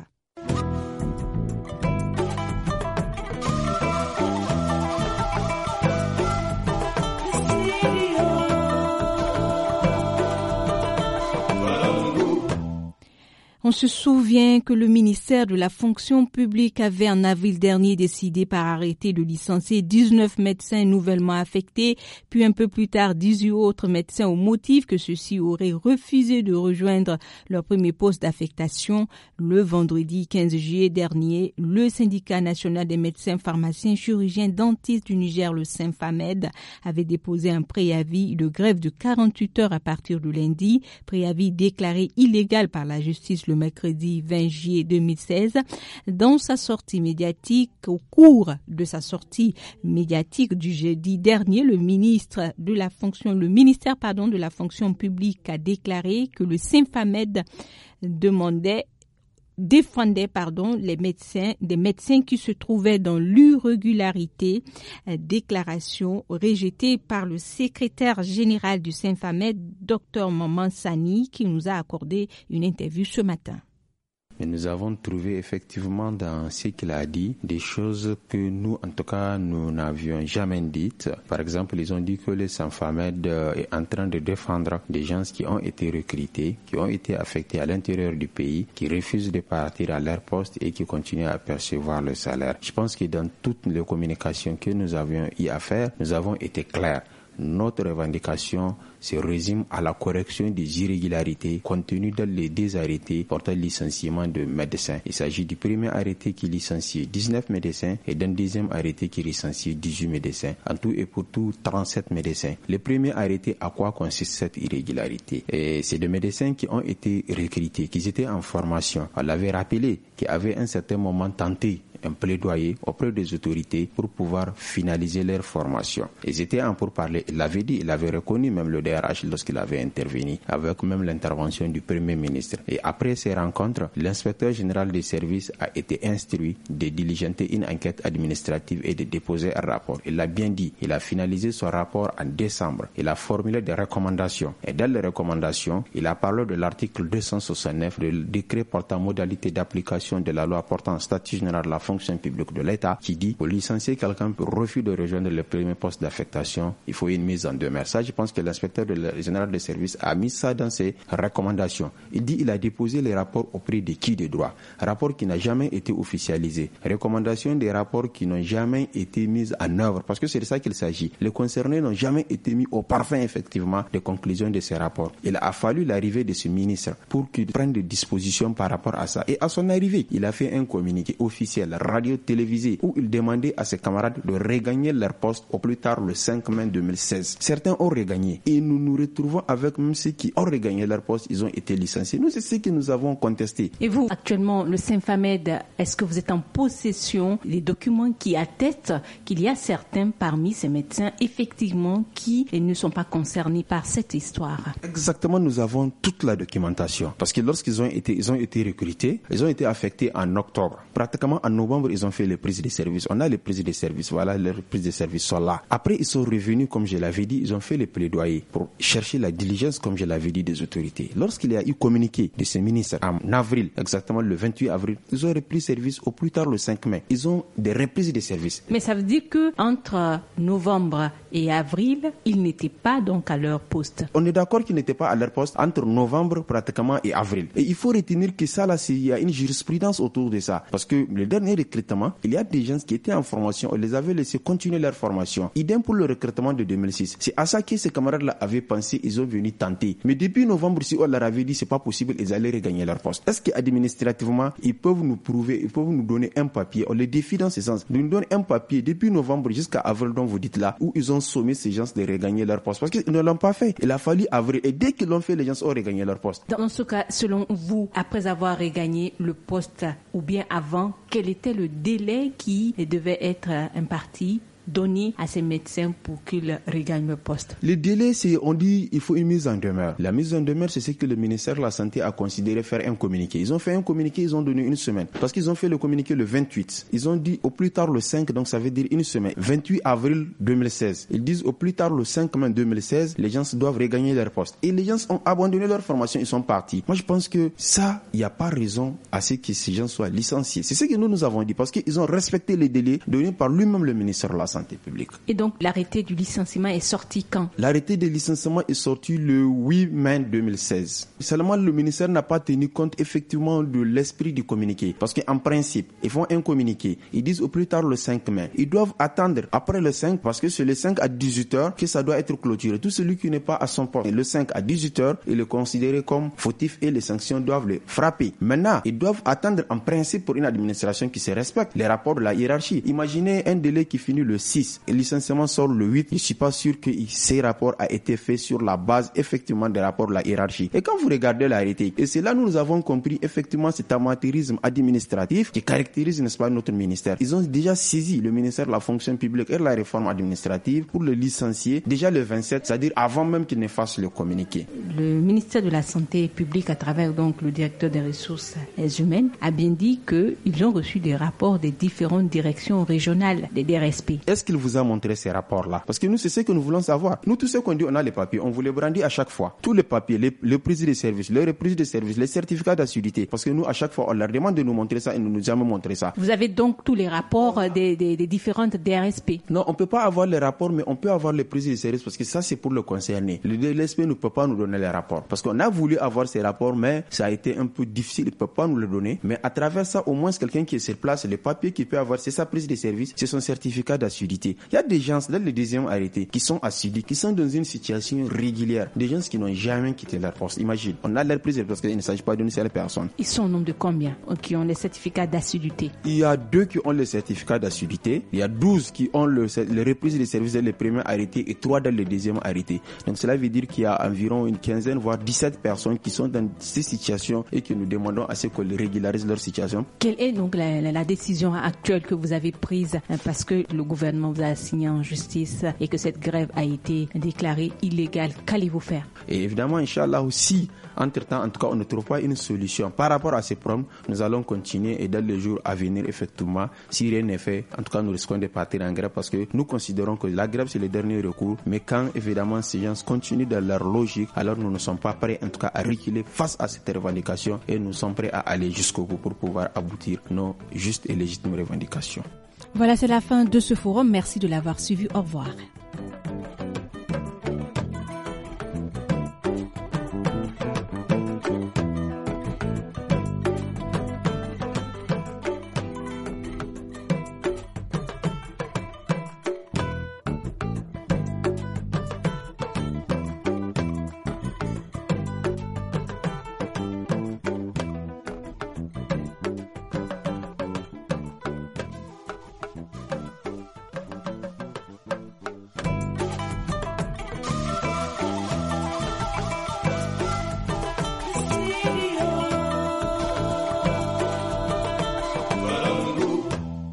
On se souvient que le ministère de la fonction publique avait en avril dernier décidé par arrêté de licencier 19 médecins nouvellement affectés, puis un peu plus tard 18 autres médecins au motif que ceux-ci auraient refusé de rejoindre leur premier poste d'affectation. Le vendredi 15 juillet dernier, le syndicat national des médecins, pharmaciens, chirurgiens, dentistes du Niger, le SINFAMED, avait déposé un préavis de grève de 48 heures à partir du lundi, préavis déclaré illégal par la justice le mercredi 20 juillet 2016. Dans sa sortie médiatique, au cours de sa sortie médiatique du jeudi dernier, le ministre de la fonction, le ministère, pardon, de la fonction publique a déclaré que le Symphamed demandait défendait pardon, les médecins, des médecins qui se trouvaient dans l'irrégularité, euh, déclaration rejetée par le secrétaire général du saint Famet, Dr Maman Sani, qui nous a accordé une interview ce matin. Mais nous avons trouvé effectivement dans ce qu'il a dit des choses que nous, en tout cas, nous n'avions jamais dites. Par exemple, ils ont dit que le Sanfamed euh, est en train de défendre des gens qui ont été recrutés, qui ont été affectés à l'intérieur du pays, qui refusent de partir à leur poste et qui continuent à percevoir le salaire. Je pense que dans toutes les communications que nous avions eu à faire, nous avons été clairs. Notre revendication se résume à la correction des irrégularités contenues dans les deux arrêtés portant licenciement de médecins. Il s'agit du premier arrêté qui licencie 19 médecins et d'un deuxième arrêté qui licencie 18 médecins. En tout et pour tout, 37 médecins. Le premier arrêté, à quoi consiste cette irrégularité C'est des médecins qui ont été recrutés, qui étaient en formation. On l'avait rappelé, qui avaient un certain moment tenté un plaidoyer auprès des autorités pour pouvoir finaliser leur formation. Ils étaient en pour parler. Il l'avait dit, il avait reconnu même le DRH lorsqu'il avait intervenu, avec même l'intervention du Premier ministre. Et après ces rencontres, l'inspecteur général des services a été instruit de diligenter une enquête administrative et de déposer un rapport. Il l'a bien dit, il a finalisé son rapport en décembre. Il a formulé des recommandations. Et dans les recommandations, il a parlé de l'article 269 du décret portant modalité d'application de la loi portant statut général de la fonction fonction publique de l'État qui dit pour licencier quelqu'un pour refus de rejoindre le premier poste d'affectation, il faut une mise en demeure. Ça, je pense que l'inspecteur général des services a mis ça dans ses recommandations. Il dit il a déposé les rapports auprès de qui de droit, rapport qui n'a jamais été officialisé, recommandations des rapports qui n'ont jamais été mises en œuvre, parce que c'est de ça qu'il s'agit. Les concernés n'ont jamais été mis au parfum effectivement des conclusions de ces rapports. Il a fallu l'arrivée de ce ministre pour qu'il prenne des dispositions par rapport à ça. Et à son arrivée, il a fait un communiqué officiel radio télévisée où il demandait à ses camarades de regagner leur poste au plus tard le 5 mai 2016. Certains ont regagné et nous nous retrouvons avec même ceux qui ont regagné leur poste, ils ont été licenciés. Nous, c'est ce que nous avons contesté. Et vous, actuellement, le saint est-ce que vous êtes en possession des documents qui attestent qu'il y a certains parmi ces médecins effectivement qui ne sont pas concernés par cette histoire Exactement, nous avons toute la documentation parce que lorsqu'ils ont été, ils ont été recrutés, ils ont été affectés en octobre, pratiquement en novembre ils ont fait les prises de service. On a les prises de service. Voilà, les prises de service sont là. Après, ils sont revenus, comme je l'avais dit, ils ont fait les plaidoyers pour chercher la diligence, comme je l'avais dit, des autorités. Lorsqu'il y a eu communiqué de ces ministres en avril, exactement le 28 avril, ils ont repris service au plus tard le 5 mai. Ils ont des reprises de service. Mais ça veut dire que entre novembre et avril, ils n'étaient pas donc à leur poste. On est d'accord qu'ils n'étaient pas à leur poste entre novembre pratiquement et avril. Et il faut retenir que ça là, il y a une jurisprudence autour de ça, parce que le dernier recrutement, il y a des gens qui étaient en formation, on les avait laissés continuer leur formation. Idem pour le recrutement de 2006. C'est à ça que ces camarades-là avaient pensé, ils ont venu tenter. Mais depuis novembre, si on leur avait dit c'est pas possible, ils allaient regagner leur poste. Est-ce qu'administrativement, ils peuvent nous prouver, ils peuvent nous donner un papier On les défie dans ce sens. Ils nous donnent un papier depuis novembre jusqu'à avril, dont vous dites là, où ils ont sommé ces gens de regagner leur poste. Parce qu'ils ne l'ont pas fait. Il a fallu avril. Et dès qu'ils l'ont fait, les gens ont regagné leur poste. Dans ce cas, selon vous, après avoir regagné le poste, ou bien avant, quel était c'était le délai qui devait être imparti donner à ces médecins pour qu'ils regagnent le poste. Le délai, c'est, on dit, il faut une mise en demeure. La mise en demeure, c'est ce que le ministère de la Santé a considéré faire un communiqué. Ils ont fait un communiqué, ils ont donné une semaine. Parce qu'ils ont fait le communiqué le 28. Ils ont dit au plus tard le 5, donc ça veut dire une semaine. 28 avril 2016. Ils disent au plus tard le 5 mai 2016, les gens doivent regagner leur poste. Et les gens ont abandonné leur formation, ils sont partis. Moi, je pense que ça, il n'y a pas raison à ce que ces gens soient licenciés. C'est ce que nous, nous avons dit parce qu'ils ont respecté les délais donnés par lui-même le ministère de la Santé santé publique. Et donc l'arrêté du licenciement est sorti quand L'arrêté du licenciement est sorti le 8 mai 2016. Seulement le ministère n'a pas tenu compte effectivement de l'esprit du communiqué. Parce qu'en principe, ils font un communiqué. Ils disent au plus tard le 5 mai. Ils doivent attendre après le 5 parce que c'est le 5 à 18h que ça doit être clôturé. Tout celui qui n'est pas à son poste le 5 à 18h, il est considéré comme fautif et les sanctions doivent le frapper. Maintenant, ils doivent attendre en principe pour une administration qui se respecte les rapports de la hiérarchie. Imaginez un délai qui finit le 6 et licenciement sort le 8, je ne suis pas sûr que ces rapports a été fait sur la base effectivement des rapports de la hiérarchie. Et quand vous regardez la réalité, et c'est là nous avons compris effectivement cet amateurisme administratif qui caractérise, n'est-ce pas, notre ministère. Ils ont déjà saisi le ministère de la fonction publique et de la réforme administrative pour le licencier déjà le 27, c'est-à-dire avant même qu'il ne fasse le communiqué. Le ministère de la Santé publique, à travers donc le directeur des ressources humaines, a bien dit qu'ils ont reçu des rapports des différentes directions régionales des DRSP. Est-ce qu'il vous a montré ces rapports-là Parce que nous, c'est ce que nous voulons savoir. Nous, tous ceux qu'on dit, on a les papiers, on vous les brandit à chaque fois. Tous les papiers, les, prises de service, les reprises de service, les certificats d'assurité. Parce que nous, à chaque fois, on leur demande de nous montrer ça et nous nous jamais montré ça. Vous avez donc tous les rapports euh, des, différentes DRSP Non, on peut pas avoir les rapports, mais on peut avoir les prises de service parce que ça, c'est pour le concerner. Le DRSP ne peut pas nous donner les rapports. Parce qu'on a voulu avoir ces rapports, mais ça a été un peu difficile, il ne peut pas nous les donner. Mais à travers ça, au moins, quelqu'un qui est sur place, les papiers, qu'il peut avoir, c'est sa prise de service, c'est son certificat d'assurance il y a des gens dans le deuxième arrêté qui sont assidus, qui sont dans une situation régulière. Des gens qui n'ont jamais quitté la poste. Imagine, on a l'air prise parce qu'il ne s'agit pas d'une seule personne. Ils sont au nombre de combien qui ont les certificats d'assiduité Il y a deux qui ont le certificat d'assiduité. Il y a douze qui ont le, reprise des services dans le premier arrêté et trois dans le deuxième arrêté. Donc cela veut dire qu'il y a environ une quinzaine, voire 17 personnes qui sont dans ces situations et que nous demandons à ce qu'on régularise leur situation. Quelle est donc la décision actuelle que vous avez prise parce que le gouvernement vous avez signé en justice et que cette grève a été déclarée illégale, qu'allez-vous faire Et évidemment, Inch'Allah aussi, entre-temps, en tout cas, on ne trouve pas une solution. Par rapport à ces problèmes, nous allons continuer et dans le jour à venir, effectivement, si rien n'est fait, en tout cas, nous risquons de partir en grève parce que nous considérons que la grève, c'est le dernier recours. Mais quand, évidemment, ces gens continuent dans leur logique, alors nous ne sommes pas prêts, en tout cas, à reculer face à cette revendication et nous sommes prêts à aller jusqu'au bout pour pouvoir aboutir nos justes et légitimes revendications. Voilà, c'est la fin de ce forum. Merci de l'avoir suivi. Au revoir.